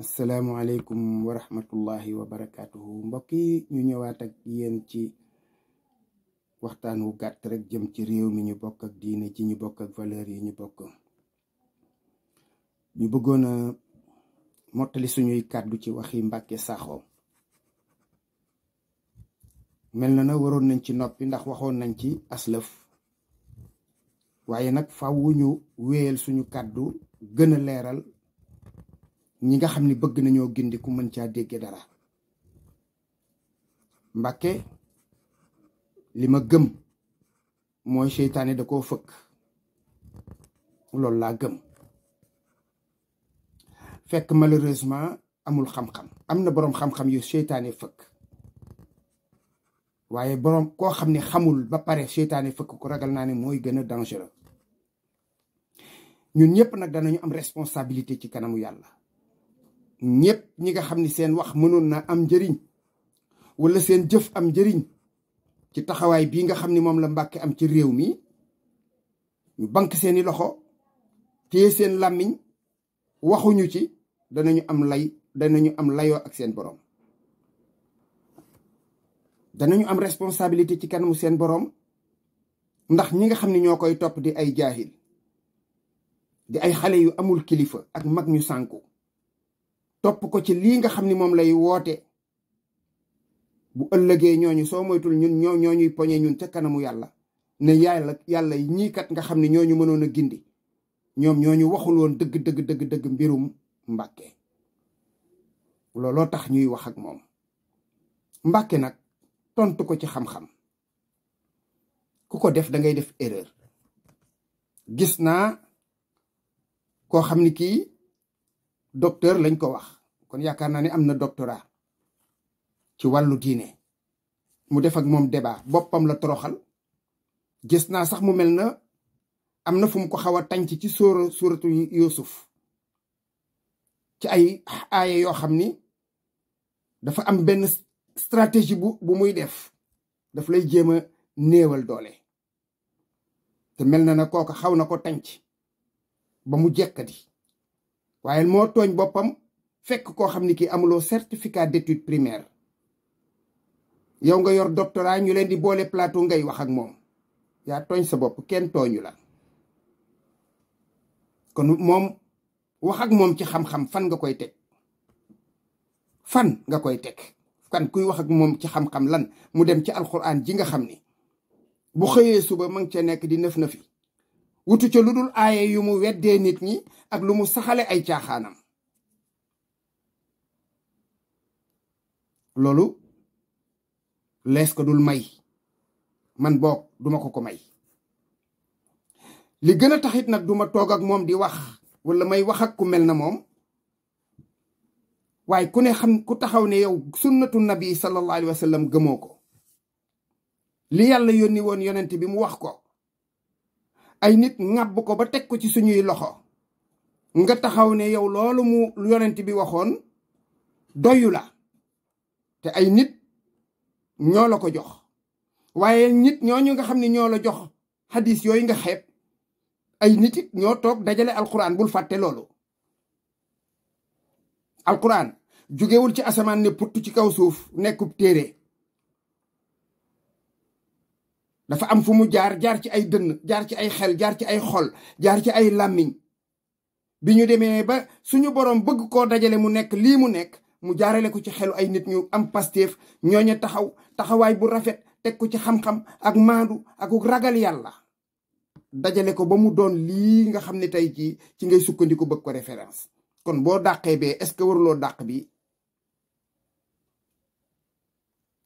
asalaamualeykum wa rahmatullahi wa barakaatuhu mbokk yi ñu ñëwaat ak yéen ci waxtaan wu gàtt rek jëm ci réew mi ñu bokk ak diine ci ñu bokk ak valeur yi ñu bokk ñu bëggoon a mottali suñuy kàddu ci waxi Mbàkke Saxo mel na na waroon nañ ci noppi ndax waxoon nañ ci aslëf waaye nag faw ñu wéyal suñu kàddu gën a leeral ñi nga xam ni bëgg nañoo gindi ku mën caa dégge dara mbake li ma gëm mooy seytaane da koo fëkk loolu laa gëm fekk malheureusement amul xam-xam am na boroom xam-xam yu seytaane fëkk waaye boroom koo xam ne xamul ba pare seytaane fëkk ko ragal naa ne mooy gën a dangereux ñun ñëpp nag danañu am responsabilité ci kanamu yàlla ñépp ñi nga xam ni seen wax mënoon naa am njëriñ walla seen jëf am njëriñ ci taxawaay bii nga xam ni moom la Mbàkke am ci réew mi ñu bank seeni loxo téye seen làmmiñ waxuñu ci danañu am lay danañu am layoo ak seen boroom danañu am responsabilité ci kanamu seen boroom ndax ñi nga xam ni ñoo koy topp di ay jaahil di ay xale yu amul kilifa ak mag ñu sànku topp ko ci lii nga xam ni moom lay woote bu ëllëgee ñooñu soo moytul ñun ñoo ñooñuy poñe ñun ca kanamu yàlla ne yàlla yàlla ñii kat nga xam ne ñooñu mënoon a gindi ñoom ñooñu waxul woon dëgg dëgg dëgg dëgg mbirum Mbàkke looloo tax ñuy wax ak moom Mbàkke nag tontu ko ci xam-xam ku ko def da ngay def erreur gis naa koo xam ni kii docteur lañ ko wax kon yaakaar naa ne am na doctorat ci wàllu diine mu def ak moom débat boppam la toroxal gis naa sax mu mel na am na fu mu ko xaw a tànc ci sóora suuratu Yuusuf ci ay aaya yoo xam ni dafa am benn stratégie bu bu muy def daf lay jéem a néewal doole te mel na na kooka xaw na ko tànc ba mu jekkadi waaye moo tooñ boppam fekk koo xam ni kii amuloo certificat d'étude primaire yow nga yor doctorat ñu leen di boole plateau ngay wax ak moom yaa tooñ sa bopp kenn tooñu la kon moom wax moom ci xam-xam fan nga koy teg fan nga koy teg kan kuy wax ak moom ci xam-xam lan mu dem ci alxuraan ji nga xam ni bu xëyee suba ma ngi cee nekk di nëf na fi wuti ca lu dul aaye yu mu weddee nit ñi ak lu mu saxale ay caaxaanam loolu lees ko dul may man boog duma ko ko may li gën a taxit nag duma toog ak moom di wax wala may wax ak ku mel na moom waaye ku ne xam ku taxaw ne yow sunnatu nabi sallallahu alayhi wa sallam gëmoo ko li yàlla yónni woon yonent bi mu wax ko ay nit ŋàbb ko ba teg ko ci suñuy loxo nga taxaw ne yow loolu mu yonent bi waxoon doyu la te ay nit ñoo la ko jox waaye nit ñu nga xam ni ñoo la jox xadis yooyu nga xeeb ay nit it ñoo toog dajale alquran bul fàtte loolu alquran jógewul ci asamaan ne putt ci kaw suuf nekkub téere dafa am fu mu jaar jaar ci ay dënn jaar ci ay xel jaar ci ay xol jaar ci ay làmmiñ bi ñu demee ba suñu boroom bëgg koo dajale mu nekk lii mu nekk mu jaarale ko ci xelu ay nit ñu am pasteef ñooñu taxaw taxawaay bu rafet teg ko ci xam-xam ak maandu ak ragal yàlla dajale ko ba mu doon lii nga xam ne tey jii ci ngay sukkandiku bëgg ko référence kon boo dàqee bee est-ce que waruloo dàq bi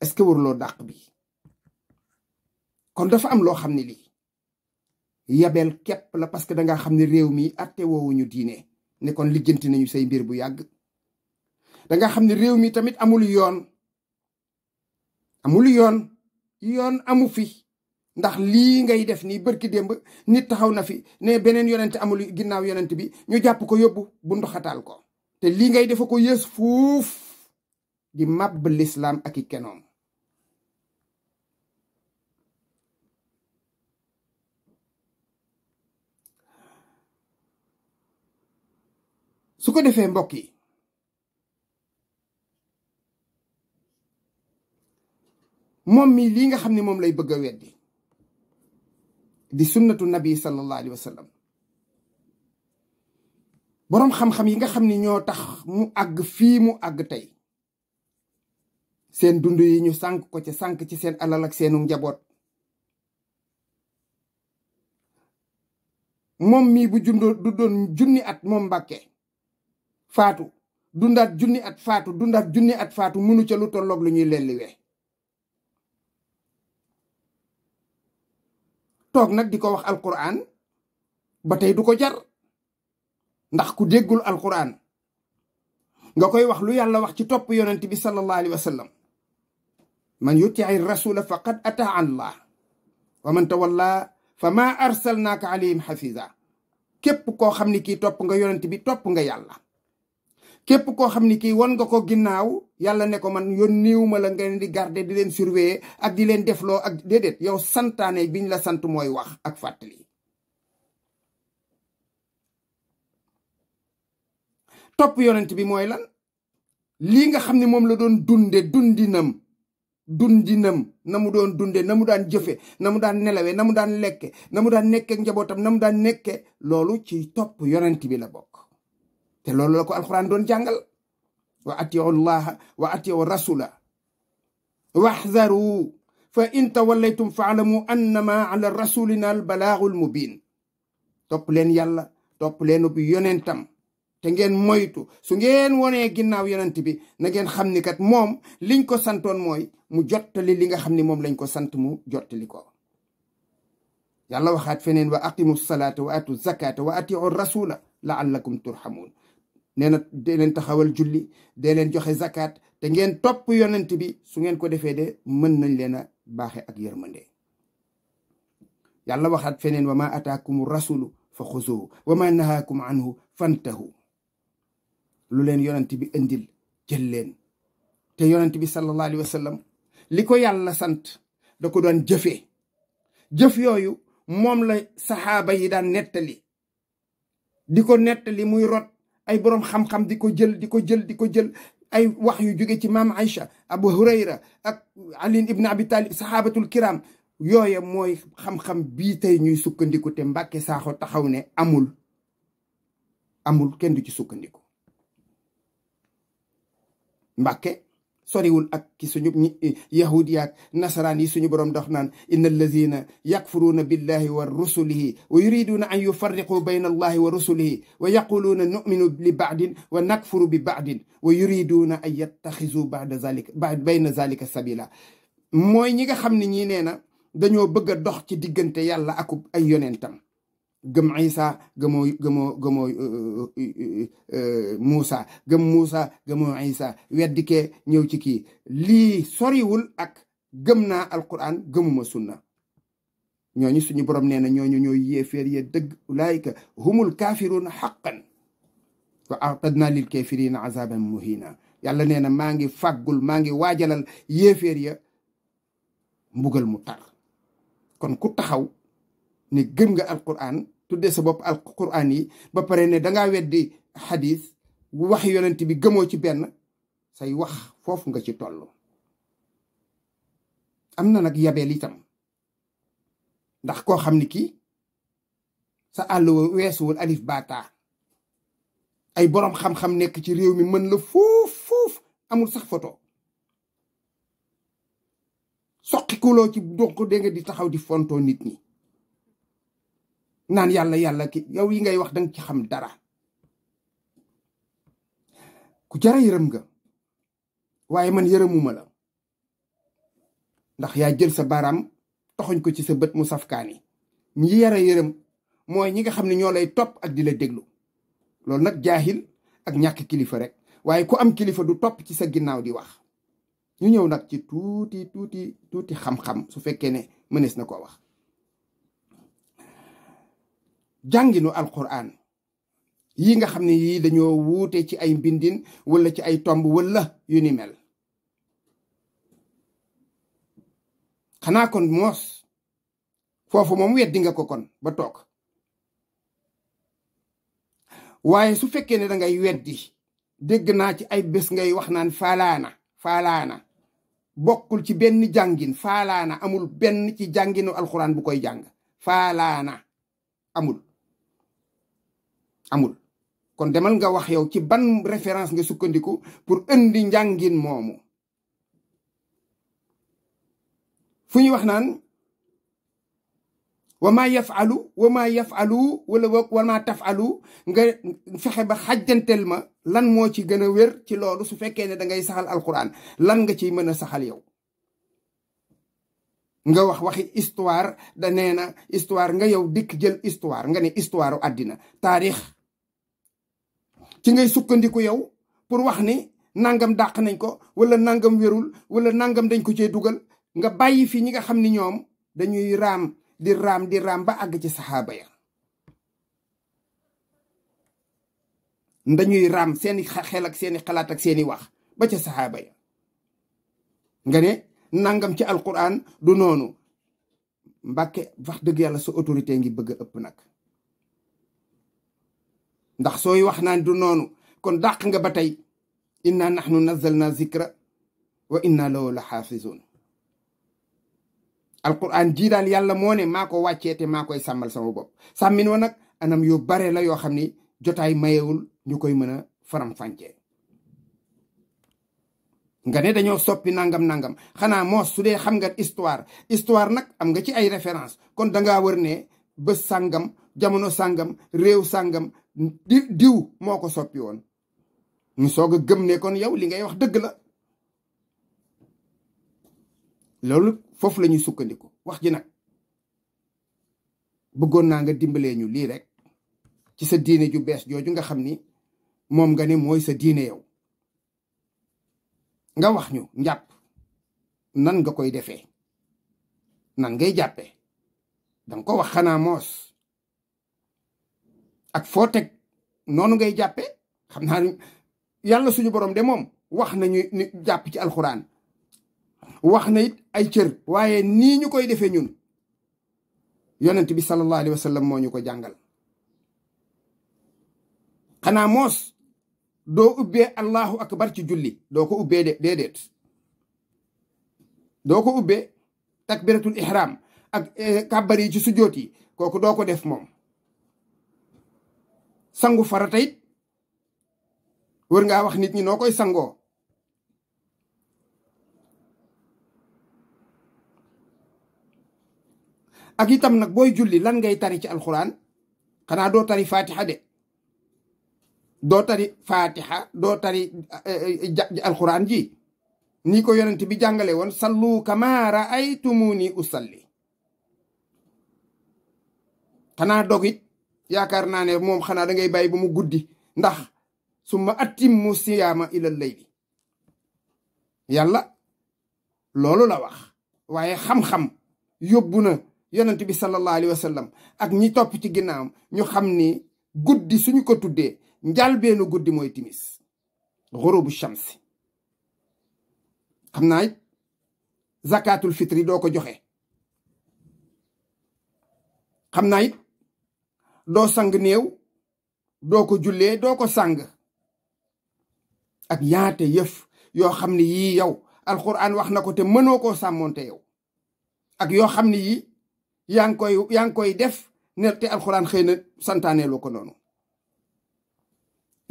est-ce que waruloo dàq bi kon dafa am loo xam ne lii yabeel képp la parce que da xam ne réew mi atte woowuñu diine ne kon nañu say mbir bu yàgg da nga xam ne réew mi tamit amul yoon amul yoon yoon amu fi ndax lii ngay def nii bërki démb nit taxaw na fi ne beneen yonent amul ginnaaw yonent bi ñu jàpp ko yóbbu bu ndoxataal ko te lii ngay defa ko yées fuuf di màbb lislaam ak i kenoom su ko defee mbokk yi moom mii lii nga xam ni moom lay bëgg a weddi di sunnatu nabi sallallahu alayhi wa sallam boroom xam-xam yi nga xam ni ñoo tax mu àgg fii mu àgg tey seen dund yi ñu sànk ko ci sànk ci seen alal seenu njaboot moom mii bu jundoo du doon junni at moom Mbàkke faatu dundaat junni at faatu dundaat junni at faatu mënu ca lu tolloog lu ñuy lelliwee toog nag di ko wax alquran ba tey du ko jar ndax ku déggul alquran nga koy wax lu yàlla wax ci topp yonent bi sallallahu alayhi wa sallam man yutii rasula faqad ataa allah wa man tawalla fa ma arsalnaaka alayhim xafiza képp koo xam ni kii topp nga yonent bi topp nga yàlla képp koo xam ni kii won nga ko ginnaaw yàlla ne ko man yónniwu ma la ngeen di garder di leen surveiller ak di leen defloo ak déedéet yow santaane biñ la sant mooy wax ak fàttali. topp yonent bi mooy lan lii nga xam ne moom la doon dunde dundinam dundinam na mu doon dunde na mu daan jëfe na mu daan nelawe na mu daan lekke na mu daan nekke njabootam na mu daan nekke loolu ci topp yonent bi la bopp te loolu la ko alxuraan doon jàngal wa atiu llaha wa atiu rasula waxdaru fa in tawallaytum faalamu annama ala rasulina al balaagul mubin topp leen yàlla topp leen bi yonentam te ngeen moytu su ngeen wonee ginnaaw yonent bi na ngeen xam ni kat moom liñ ko santoon mooy mu jottali li nga xam ni moom lañ ko sant mu jottali ko yàlla waxaat feneen wa aqimu salaata wa atu zakata wa atiu rasula laallakum turhamun nee na dee taxawal julli dee leen joxe zakat te ngeen topp yonent bi su ngeen ko defee de mën nañ leen a baaxe ak yërmande yàlla waxaat feneen wa ma ataakumu rasulu fa xuzuhu wa ma nahaakum anhu fantahu lu leen yonent bi indil jël leen te yonent bi sallallahu alayhi wa li ko yàlla sant da ko doon jëfee jëf yooyu moom la saxaaba yi daan nettali di ko nettali muy rot ay boroom xam-xam di ko jël di ko jël di ko jël ay wax yu jóge ci maam Aïcha Abu Hurayra ak Ali ibn Abi Talib saxaabatul kiram yooya mooy xam-xam bii tey ñuy sukkandiku te Mbàkke Saaxo taxaw ne amul amul kenn du ci sukkandiku mbake soriwul ak ki suñu eh, yahudi yaak nasaraan yi suñu borom dox naan inna allazina yakfuruuna billahi wa rusulihi wa yuriduuna an yufarriqu bayna allahi wa rusulihi wa yaquluuna nu'minu li ba'din wa nakfuru bi ba'din wa yuriduuna an yattaxizu ba'da zalika bayna zalika sabila mooy ñi nga xam ne ñii nee na dañoo bëgg a dox ci diggante yàlla ak ay yonentam gëm Isa gëmoo gëmoo gëmoo euh, euh, euh, Moussa gëm Moussa gëmoo Isa weddi kee ñëw ci kii lii soriwul ak gëm naa alquran gëmuma sunna ñooñu suñu borom nee na ñooñu ñooy yéeféer ya dëgg ulaayika humul kaafiruuna xaqan wa a'tadna lil kaafiriina azaban muhina yàlla nee na maa ngi fàggul maa ngi waajalal yéeféer ya mbugal mu tar kon ku taxaw ne gëm nga alquran tuddee sa bopp alquran yi ba pare ne dangaa weddi xadis wax yonent bi gëmoo ci benn say wax foofu nga ci toll am na nag yabeel itam ndax koo xam ni ki sa àll weesuwul alif baata ay boroom xam-xam nekk ci réew mi mën la foof foof amul sax foto soqikuloo ci donc dégg nga di taxaw di fontoo nit ñi naan yàlla yàlla ki yow yi ngay wax danga ci xam dara ku jara yërëm nga waaye man yërëmuma la ndax yaa jël sa baaraam taxuñ ko ci sa bët mu safkaani ñi yara yërëm mooy ñi nga xam ne ñoo lay topp ak di la déglu loolu nag jaaxil ak ñàkk kilifa rek waaye ku am kilifa du topp ci sa ginnaaw di wax ñu ñëw nag ci tuuti tuuti tuuti xam-xam su fekkee ne mënees na koo wax jànginu alquran yi nga xam ne yii dañoo wuute ci ay mbindin walla ci ay tomb wala yu ni mel xanaa kon moos foofu moom weddi nga ko kon ba toog waaye su fekkee ne dangay weddi dégg naa ci ay bés ngay wax naan faalaana faalaana bokkul ci benn jàngin faalaana amul benn ci jànginu alxuraan bu koy jàng faalaana amul amul kon demal nga wax yow ci ban référence nga sukkandiku pour indi njàngin moomu fu ñu wax naan wa maa yafalu wa maa yafalu wala wa maa tafalu nga fexe ba xajjanteel ma lan moo ci gën a wér ci loolu su fekkee ne da ngay saxal alquran lan nga ciy mën a saxal yow nga wax waxi histoire da nee na histoire nga yow dikk jël histoire nga ne histoire u àddina taarix ci ngay sukkandiku yow pour wax ni nangam daq nañ ko wala nangam wérul wala nangam dañ ko cee dugal nga bàyyi fi ñi nga xam ni ñoom dañuy raam di raam di raam ba àgg ci saxaaba ya dañuy raam seeni xel seeni xalaat ak seeni wax ba ca saxaaba ya nga ne nangam ci alquran du noonu mbàkke wax dëgg yàlla sa autorité ngi bëgg a ëpp nag ndax sooy wax naan du noonu kon daq nga ba tey inna nahnu nazzalna zikra wa inna lahu la xaafizun alquran jii daal yàlla moo ne maa ko wàccee te maa koy sàmmal sama bopp sàmmin wa nag anam yu bare la yoo xam ni jotaay mayewul ñu koy mën a faram-fàccee nga ne dañoo soppi nangam nangam xanaa moo su dee xam nga histoire histoire nag am nga ci ay référence kon dangaa wër ne bés sàngam jamono sàngam réew sàngam di diw moo ko soppi woon ñu soog a gëm ne kon yow li ngay wax dëgg la loolu foofu lañuy sukkandiku wax ji nag bëggoon naa nga dimbalee ñu lii rek ci sa diine ju bees jooju nga xam ni moom nga ni mooy sa diine yow nga wax ñu njàpp nan nga koy defee nan ngay jàppee danga ko wax xanaa moos ak foo teg noonu ngay jàppe xam naa yàlla suñu borom de moom wax nañu jàpp ci alxuraan wax na it ay cer waaye ni ñu koy defee ñun yonent bi sallallahu alayhi wa moo ñu ko jàngal xanaa moos doo ubbee allahu akbar ci julli doo ko ubbee de déedéet doo ko ubbee takbiratul ihram ak eh, kàbbar ci sujjoot yi kooku doo ko def moom sangu farata it wër ngaa wax nit ñi noo koy sangoo ak itam nag booy julli lan ngay tari ci alxuraan xanaa doo tari fatiha de doo tari fatiha doo tari eh, eh, alxuraan ji ni ko yonent bi jàngale woon sallu kama raaytumuni usalli xanaa dog yaakaar naa ne moom xanaa dangay bàyyi ba mu guddi ndax summa atimmu siyaama ilal layli yàlla loolu la wax waaye xam-xam yóbbu na yonent bi sallallahu alayhi wa sallam ak ñi topp ci ginnaawam ñu xam ni guddi suñu ko tuddee njalbeenu guddi mooy timis xurubu shamsi xam naa it zakatul fitri doo ko joxe xam naa it doo sang néew doo ko jullee doo ko sang ak yaate yëf yoo xam ne yii yow alxuraan wax na ko te mënoo koo te yow ak yoo xam ne yi yaa ngi koy yaa ngi koy def ne te alxuraan xëy na santaaneeloo ko noonu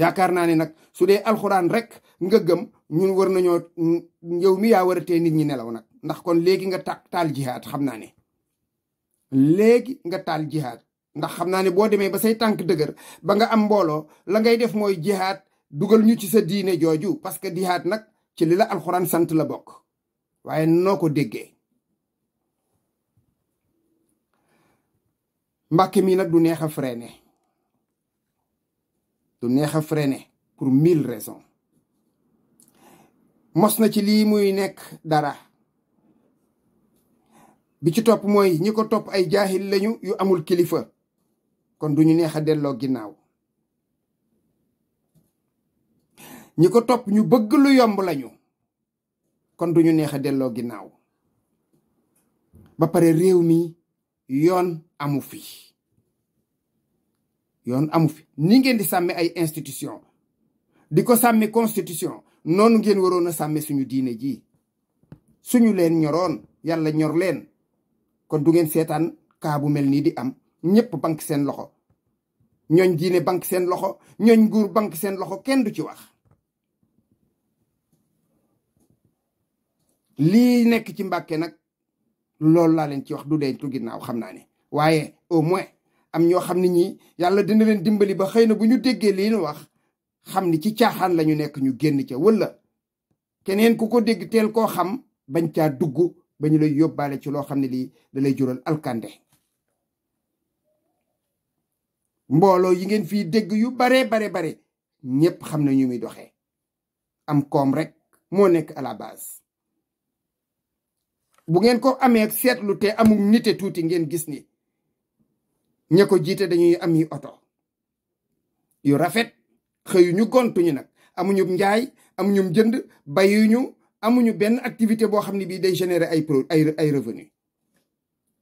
yaakaar naa ne nag su dee alxuraan rek nga gëm ñun war nañoo yow mi yaa war a tee nit ñi nelaw nag ndax kon léegi nga ta taal jihaad xam naa ne léegi nga taal jihaad ndax xam naa ne boo demee ba say tànk dëgër ba nga am mbooloo la ngay def mooy jihaat dugal ñu ci sa diine jooju parce que jihaat nag ci lii la alxuraan sant la bokk waaye noo ko déggee mbàkk mi nag du neex a freiné du neex a freiné pour mille raisons mos na ci lii muy nekk dara bi ci topp mooy ñi ko topp ay jaahil lañu yu amul kilifa kon du ñu neex a delloo ginnaaw ñi ko topp ñu bëgg lu yomb lañu kon du ñu neex a delloo ginnaaw ba pare réew mi yoon amu fi yoon amu fi ni ngeen di sàmme ay institution di ko sàmmi constitution noonu ngeen waroon a sàmme suñu diine ji suñu leen ñoroon yàlla ñor leen kon du ngeen seetaan kaa bu mel nii di am ñëpp bank seen loxo ñooñ diine bank seen loxo ñooñ nguur banque seen loxo kenn du ci wax lii nekk ci Mbàkke nag loolu laa leen ci wax du dentu ginnaaw xam naa ne waaye au moins am ñoo xam ne ñi yàlla dina leen dimbali ba xëy na bu ñu déggee lii nu wax xam ni ci caaxaan lañu nekk ñu génn ca wala keneen ku ko dégg teel koo xam bañ caa dugg ba ñu lay yóbbaale ci loo xam ne lii da lay jural alkande mbooloo yi ngeen fii dégg yu bare bare bare ñépp xam na ñu muy doxee am koom rek moo nekk à la base bu ngeen ko amee seetlu te amul nite tuuti ngeen gis ni ña ko jiite dañuy am yi oto yu rafet xëyuñu gontuñu nag amuñu njaay amuñu jënd bayuñu amuñu benn activité boo xam ne bii day générer ay pro ay ay revenu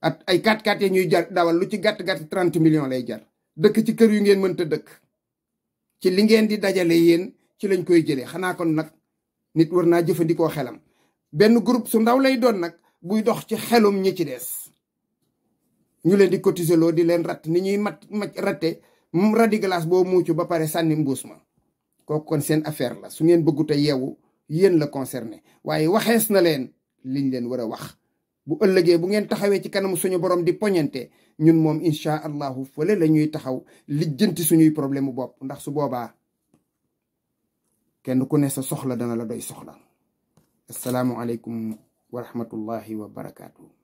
at ay 4x4 yi ñuy jar dawal lu ci gàtt gàtt 30 million lay jar dëkk ci kër yu ngeen mënta dëkk ci li ngeen di dajale yéen ci lañ koy jëlee xanaa kon nag nit war naa jëfandikoo xelam benn group su ndaw lay doon nag buy dox ci xelum ñi ci des ñu leen di cotiser loo di leen ratt ni ñuy mat mat ratte radigalaas boo muucu ba pare sànni mbuus ma kooku kon seen affaire la su ngeen bëggut a yeewu yéen la concerné waaye waxees na leen liñ leen war a wax bu ëllëgee bu ngeen taxawee ci kanamu suñu borom di poñante ñun moom incha allahu fële la ñuy taxaw lijjanti suñuy problème bopp ndax su boobaa kenn ku ne sa soxla dana la doy soxla asalaamualeykum wa rahmatullahi wa barakaatu.